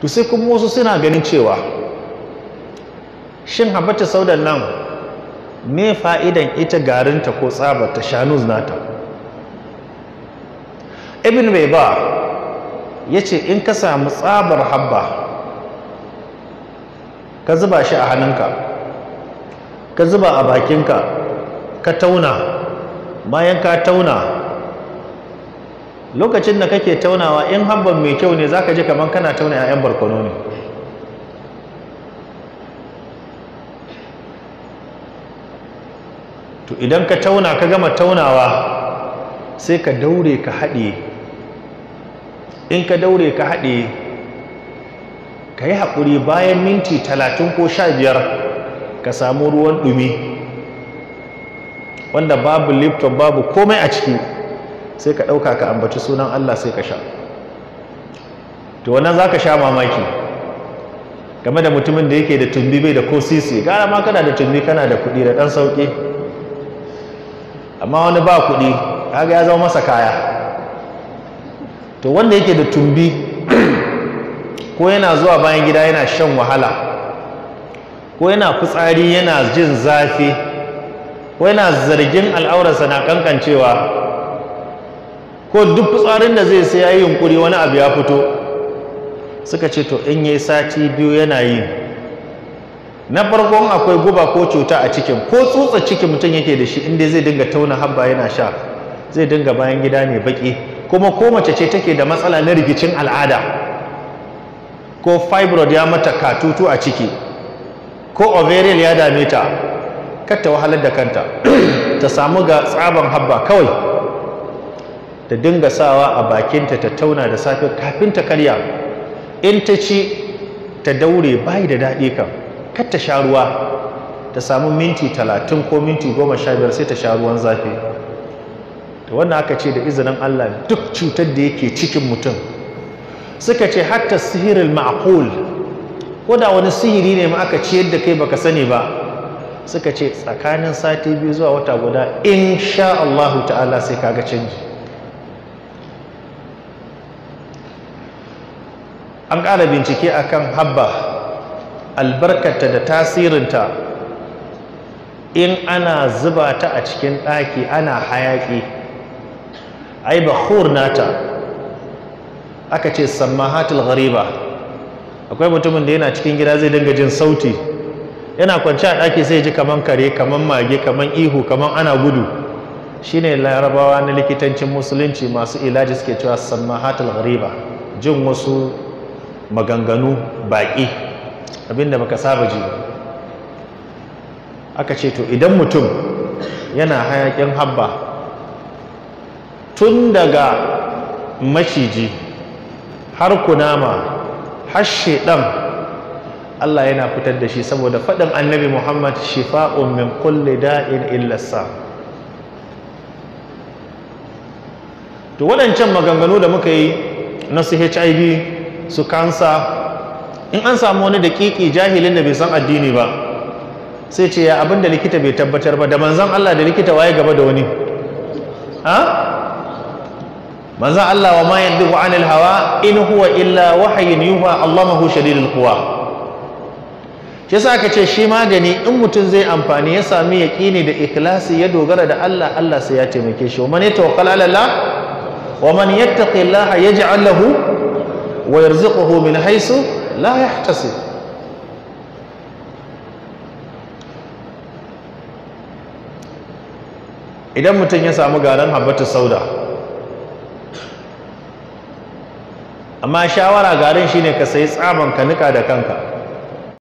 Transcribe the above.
to sai kuma wasu suna ganin cewa shin habata saudan nan me fa'idan ita garinta ko tsabarta shanuz nata ibn mai ba ya ce in ka samu tsabar habba ka zuba shi a hannunka ka zuba a bakinka ka tauna bayan ka tauna lokacin da kake taunawa in habban mai kyau ne zaka je kamar kana tauna 'ya'yan barkono ne to idan ka tauna ka gama taunawa sai ka daure ka haɗe in ka daure ka haɗe ka yi haƙuri bayan minti talatin ko sha biyar ka samu ruwan ɗumi wanda babu lifton babu komai a ciki sai ka ɗauka ka ambaci sunan Allah sai ka sha to wannan za ka sha mamaki game da mutumin da yake da tumbi bai da ko sisi gara ma kana da tumbi kana da kuɗi da ɗan sauƙi amma wani ba kuɗi kaga ya zama masa kaya to wanda yake da tumbi ko yana zuwa bayan gida yana shan wahala ko yana fitsari yana jin zafi ko yana zargin al'aurarsa na kankancewa ko duk fitsarin da zai sai ya yi yunkuri wani abu ya fito suka ce to in yi sati biyu yana yi na farkon akwai guba ko cuta a cikin ko tsutsa cikin mutum yake da shi inda zai dinga tauna habba yana sha zai dinga bayan gida ne baki kuma ko mace ce take da matsala na rikicin al'ada ko fibroid ya mata katutu a ciki ko ovarian ya dame ta kar ta wahalar da kanta ta samu ga tsaban habba kawai ta dinga sawa a bakinta ta tauna da safe kafin ta karya in ta ci ta daure bai da daɗi kan kar ta sha ruwa ta samu minti talatin ko minti goma sha biyar sai ta sha ruwan zafi to wannan aka ce da izinin Allah duk cutar da yake cikin mutum suka ce hatta sihirin ma'qul ko da wani sihiri ne ma aka ci yadda kai baka sani ba suka ce tsakanin sati biyu zuwa wata guda in sha Allahu ta'ala sai kaga canji an ƙara bincike a kan habba albarkata da tasirinta in ana zuba ta a cikin ɗaki ana hayaƙi ai bahur nata aka ce sammahatul ghariba akwai mutumin da yana cikin gida zai dinga jin sauti yana kwanci a ɗaki sai ji kaman kare kaman mage kaman ihu kaman ana gudu shine larabawa na likitancin musulunci masu ilaji suke cewa sammahatul ghariba jin wasu maganganu baƙi abinda baka saba ji aka ce to idan mutum yana hayakin habba tun daga maciji har kunama har shedan Allah yana fitar da shi saboda faɗin annabi Muhammad shifa'un min kulli da'in illa to waɗancan maganganu da muka yi na su HIV su kansa in an samu wani daƙiƙi jahilin da bai san addini ba sai ce ya abin da likita bai tabbatar ba da manzan Allah da likita waye gaba da wani ha manzan Allah wa ma yanzu anil hawa in huwa illa wahayin yuha Allahu shadidul quwa shi sa aka ce shi magani in mutum zai amfani ya sami yaƙini da ikhlasi ya dogara da Allah Allah sai ya taimake shi wa man yatawakkal ala Allah wa man yaj'al lahu wa yarzuquhu min haisu la yahtasib idan mutum ya samu garin habbatu sauda amma shawara garin shine ka sayi tsaban ka nika da kanka